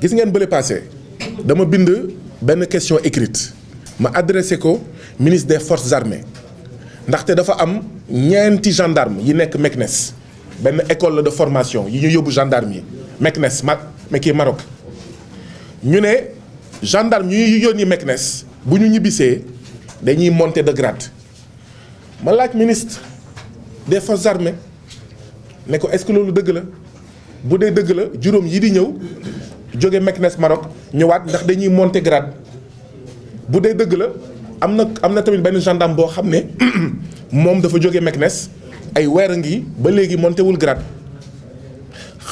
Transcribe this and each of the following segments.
gis ngeen bële passé dama bind benn question écrite ma adressé ko ministre des forces armées ndaxte dafa am ñeenti gendarme yi nekk Meknes benn école de formation yi ñu yóbbu gendarme yi Meknes ma kii Maroc ñu ne gendarme yi ñu yónni Meknes bu ñu ñibbisee dañuy monter de grade ma laaj ministre des forces armées ne ko est-ce loolu dëgg la bu dee dëgg la juróom yi di ñëw jóge Meknès Maroc ñëwaat ndax dañuy monter grade bu dee dëgg la am na am na tamit benn gendarme boo xam ne moom dafa jóge Meknès ay weer a ngi ba léegi monté wul grade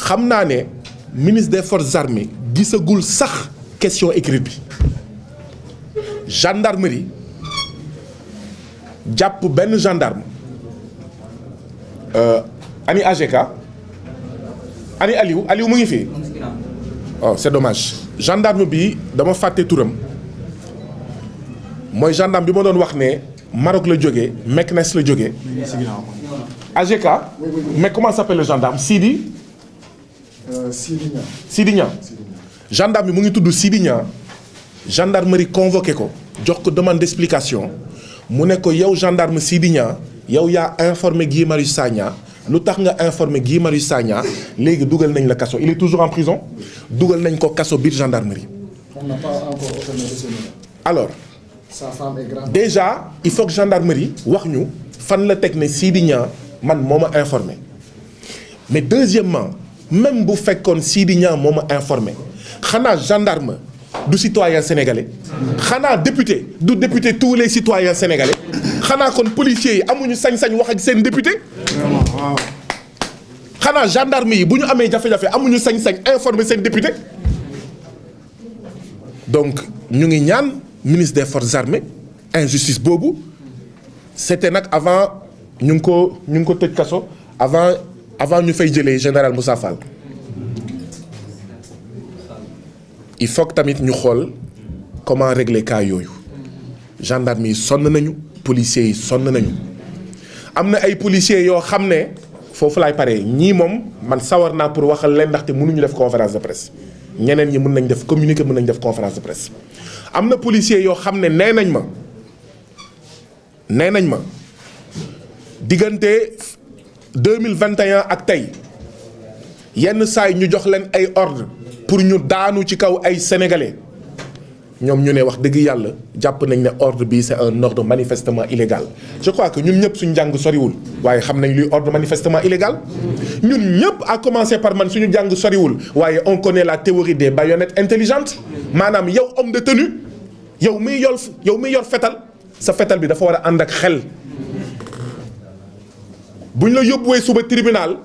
xam naa ne ministre des forces armées gisagul sax question écrite bi gendarmerie jàpp benn gendarme euh, ani AGK ani Aliou Aliou mu ngi fii oh c'est dommage gendarme bi dama fàtte turam mooy gendarme bi ma doon wax ne Maroc la jóge Meknes la jógee. AGK mais comment s'appelle le gendarme Sidi. Euh, Sidi Niang Sidi Niang gendarme bi mu ngi tudd Sidi Niang gendarmerie convoqué ko jox ko demande d'explication mu ne ko yow gendarme Sidi Niang yow yaa informé Guy Marius Sagna lu tax nga informé Guy Marius Sagna léegi dugal nañ la kaso il est toujours en prison dugal nañ ko kaso biir gendarmerie. on n'a pas encore obtenu alors. sa femme est déjà il faut que gendarmerie wax ñu fan la teg ne Sidi Niang man moom a informé mais deuxièmement même bu fekkoon Sidi Niang moo ma informé xanaa gendarme du citoyen sénégalais. xanaa député du député tous les citoyens sénégalais. xanaa kon policiers yi amuñu sañ-sañ wax ak seen député. waaw xanaa gendarme yi bu ñu amee jafe-jafe amuñu sañ-sañ informer seen député donc ñu ngi ñaan ministre des forces armées injustice boobu c'était nag avant ñu ngi ko ñu ngi ko tëj kaso avant avant ñu fay jëlee général Moussa Fall il faut tamit ñu xool comment régler cas yooyu gendarme yi sonn nañu policiers yi sonn nañu am na ay policiers yoo xam ne foofu laay pare ñii moom man sawar naa pour waxal leen ndaxte mënuñu def conférence de presse ñeneen ñi mën nañ def communiqué mën nañ def conférence de presse am na policiers yoo xam ne nee nañ ma nee nañ ma diggante 2021 ak tey yenn saay ñu jox leen ay ordre pour ñu daanu ci kaw ay sénégalais. ñoom ñu ne wax dëgg yàlla jàpp nañ ne ordre bi c'est un ordre manifestement illégal je crois que ñun ñëpp suñu jàng soriwul waaye xam nañ luy ordre manifestement illégal ñun ñëpp a commencer par man suñu jàng soriwul waaye on connaît la théorie des baïonnettes intelligentes maanaam yow homme de tenue yow muy yor yow muy yor fetal sa fetal bi dafa war a ànd ak xel buñ la yóbbuwee suba tribunal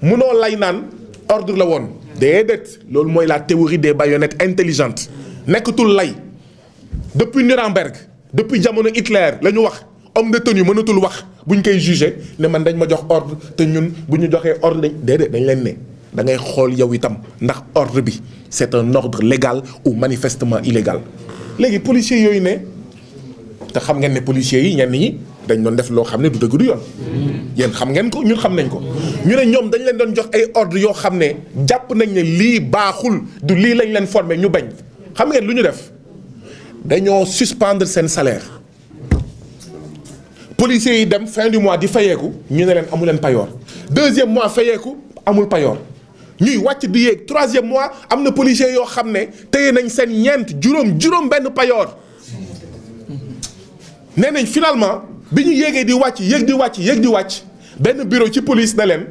munoo lay naan ordre la woon déedéet loolu mooy la théorie des baïonnettes intelligentes nekkatul lay depuis Nuremberg depuis jamono Hitler la ñu wax homme de tenue mënatul wax bu ñu koy jugé ne man dañ ma jox ordre te ñun bu ñu joxee ordre dañ déedéet dañ leen ne da ngay xool yow itam ndax ordre bi c'est un ordre légal ou manifestement illégal. léegi policiers yooyu ne te xam ngeen ne policiers yi ñenn ñi dañ doon def loo xam ne du dëgg du yoon. yéen xam ngeen ko ñun xam nañ ko. ñu ne ñoom dañ leen doon jox ay ordre yoo xam ne jàpp nañ ne lii baaxul du lii lañ leen formé ñu bañ. xam ngeen lu ñu def dañoo suspendre seen salaire policiers yi dem fin du mois di fayeeku ñu ne leen amu leen payoor deuxième mois fayeeku amul payoor ñuy wàcc di yéeg troisième mois am na policiers yoo xam ne téye nañ seen ñeent juróom juróom benn payoor nee nañ finalement bi ñu yéegee di wàcc yéeg di wàcc yéeg di wàcc benn bureau ci police na leen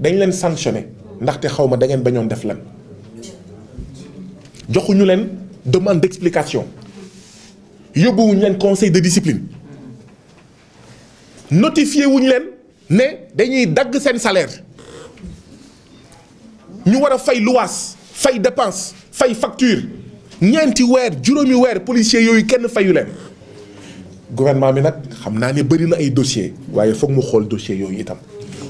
dañ leen sanctionné ndaxte xaw ma da ngeen bañoon def lan joxuñu leen demande d'explication yóbbu wuñ leen conseil de disipline notifié wuñ leen ne dañuy dagg seen salaire ñu war a fay luwaas fay dépense fay facture ñeenti weer juróomi weer policiers yooyu kenn fayu leen gouvernement bi nag xam naa ne bëri na ay dossiers waaye foog mu xool dossiers yooyu itam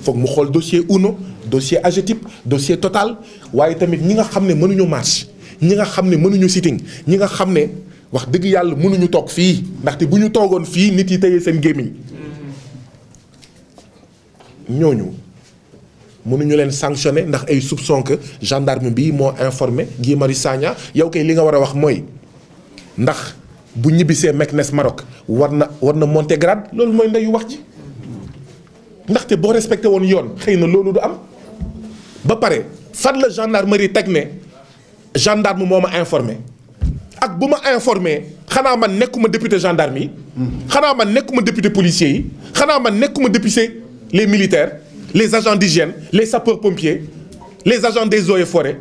foog mu xool dossier UNO dossier AGETIP dossier Total waaye tamit ñi nga xam ne mënuñu marche ñi nga xam ne mënuñu sitting ñi nga xam ne wax dëgg yàlla mënuñu toog fii ndaxte bu ñu toogoon fii nit yi tëye seen gémmiñ ñooñu mënuñu leen sanctionné ndax ay soupçon que gendarme bi moo informé Guy Marius Sagna yow kay li nga war a wax mooy ndax bu ñibbisee Meknès Maroc war na war na monter loolu mooy ndeyu wax ji ndaxte boo respecté woon yoon xëy na loolu du am ba pare fan la gendarmerie teg ne. gendarme moo ma informé ak bu ma informé xanaa man nekkuma député gendarme yi. xanaa man nekkuma député policier yi. xanaa man nekkuma député les militaires les agents d'hygiène les sapeurs pompiers les agents des eaux et forêts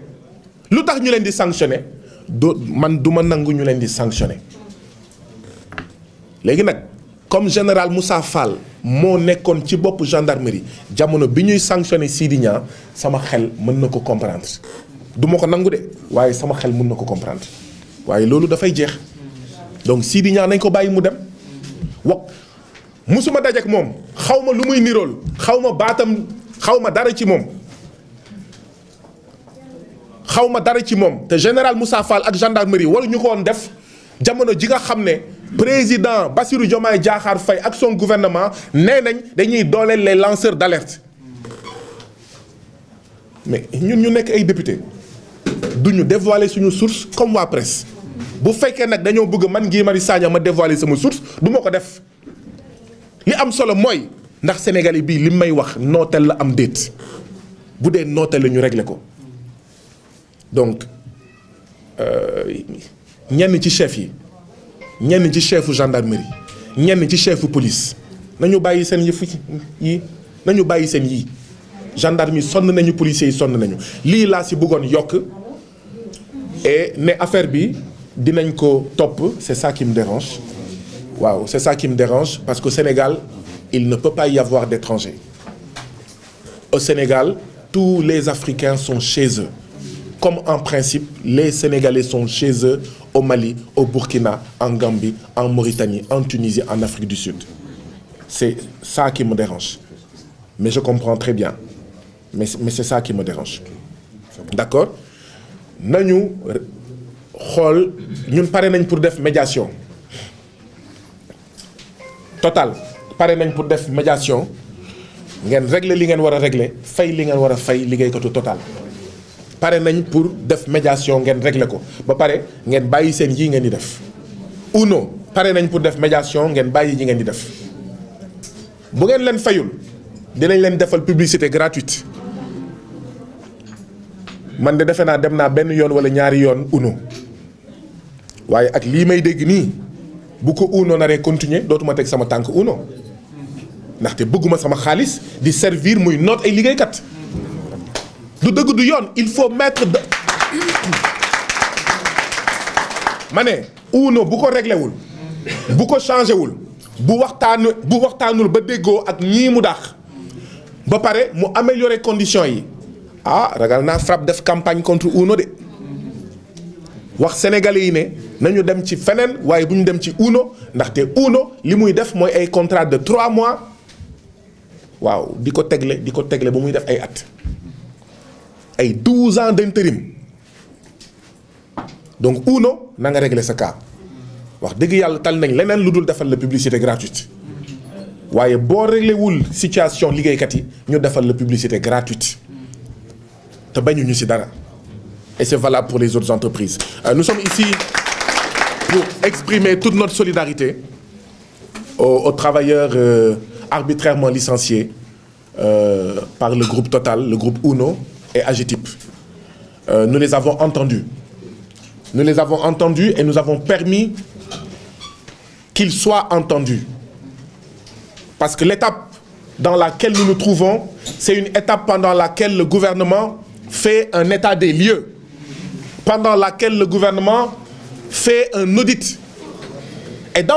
lu tax ñu leen di sanctionné do man du ma nangu ñu leen di sanctionné léegi nag comme général Moussa Fall moo nekkoon ci bopp gendarmerie jamono bi ñuy sanctionné Sidi Niang sama xel mën na ko comprendre. duma ko nangu de waaye sama xel mun na ko comprendre waaye loolu dafay jeex donc sii di Niang nañ ko bàyyi mu dem wax mosuma dajeek moom xaw ma lu muy nirool xaw ma baatam xaw ma dara ci moom xaw ma dara ci moom te général Moussa Fall ak gendarmerie ñu ko woon def jamono ji nga xam ne président Bassirou Diomaye jaaxaar fay ak son gouvernement nee nañ dañuy dooleel les lanceurs d'alerte mais ñun ñu nekk ay député du ñu dévoilé suñu source comme waa presse bu fekkee nag dañoo bëgg man Guy Marius Sagna ma dévoiler sama source du ma ko def li am solo mooy ndax Sénégalais bii li may wax nooteel la am déet bu dee nootel lañu ñu régler ko donc euh, ñenn ci chef yi ñenn ci chefu gendarmerie ñenn ci chefu police nañu bàyyi seen yëfu nañu bàyyi seen yii gendarme yi sonn nañu policiers yi sonn nañu lii laa si bëggoon yokk et ne affaire bi dinañ ko topp c'est ça qui me dérange waaw c'est ça qui parce qu'au Sénégal il ne peut pas y avoir d'étrangers au Sénégal tous les Africains sont chez eux comme en principe les Sénégalais sont chez eux au Mali au Burkina en Gambie en Mauritanie en Tunisie en Afrique du Sud c'est ça qui me dérange mais je comprends très bien mais c'est ça qui me dérange d'accord nañu xool ñun pare nañ pour def médiation total pare nañ pour def médiation ngeen régler li ngeen war a régler fay li ngeen war a fay liggéeykatu total pare nañ pour def médiation ngeen régler ko ba pare ngeen bàyyi seen yi ngeen di def ou non pare nañ pour def médiation ngeen bàyyi yi ngeen di def bu ngeen leen fayul dinañ leen defal publicité gratuite man de defe naa dem naa benn yoon wala ñaari yoon uno waaye ak lii may dégg nii bu ko uno naree continuer dootuma teg sama tànk uno ndaxte bëgguma sama xaalis di servir muy noot ay liggéeykat du dëgg du yoon il faut mettre de ma ne uno bu ko réglé wul bu ko changé wul bu waxtaanu bu waxtaanul ba déggoo ak ñii mu dàq ba pare mu améliorer conditions yi ah ragal naa FRAPP def campagne contre UNO de wax sénégalais yi ne nañu dem ci feneen waaye bu ñu dem ci UNO ndaxte UNO li muy def mooy ay contrat de trois mois waaw di ko tegle di ko tegle ba muy def ay at ay douze ans d'intérim donc UNO nanga nga sa cas wax dëgg yàlla tal nañ leneen lu dul defal la publicité gratuite waaye boo réglé wul situation liggéeykat yi ñu defal la publicité gratuite te bañuñu ci dara et c'est valable pour les autres entreprises euh, nous sommes ici pour exprimer toute notre solidarité aux, aux travailleurs euh, arbitrairement licenciés euh, par le groupe Total, le groupe Uno et AGETIP. Euh, nous les avons entendus. Nous les avons entendus et nous avons permis qu'ils soient entendus. Parce que l'étape dans laquelle nous nous trouvons, c'est une étape pendant laquelle le gouvernement fait un état des lieux pendant laquelle le gouvernement fait un audit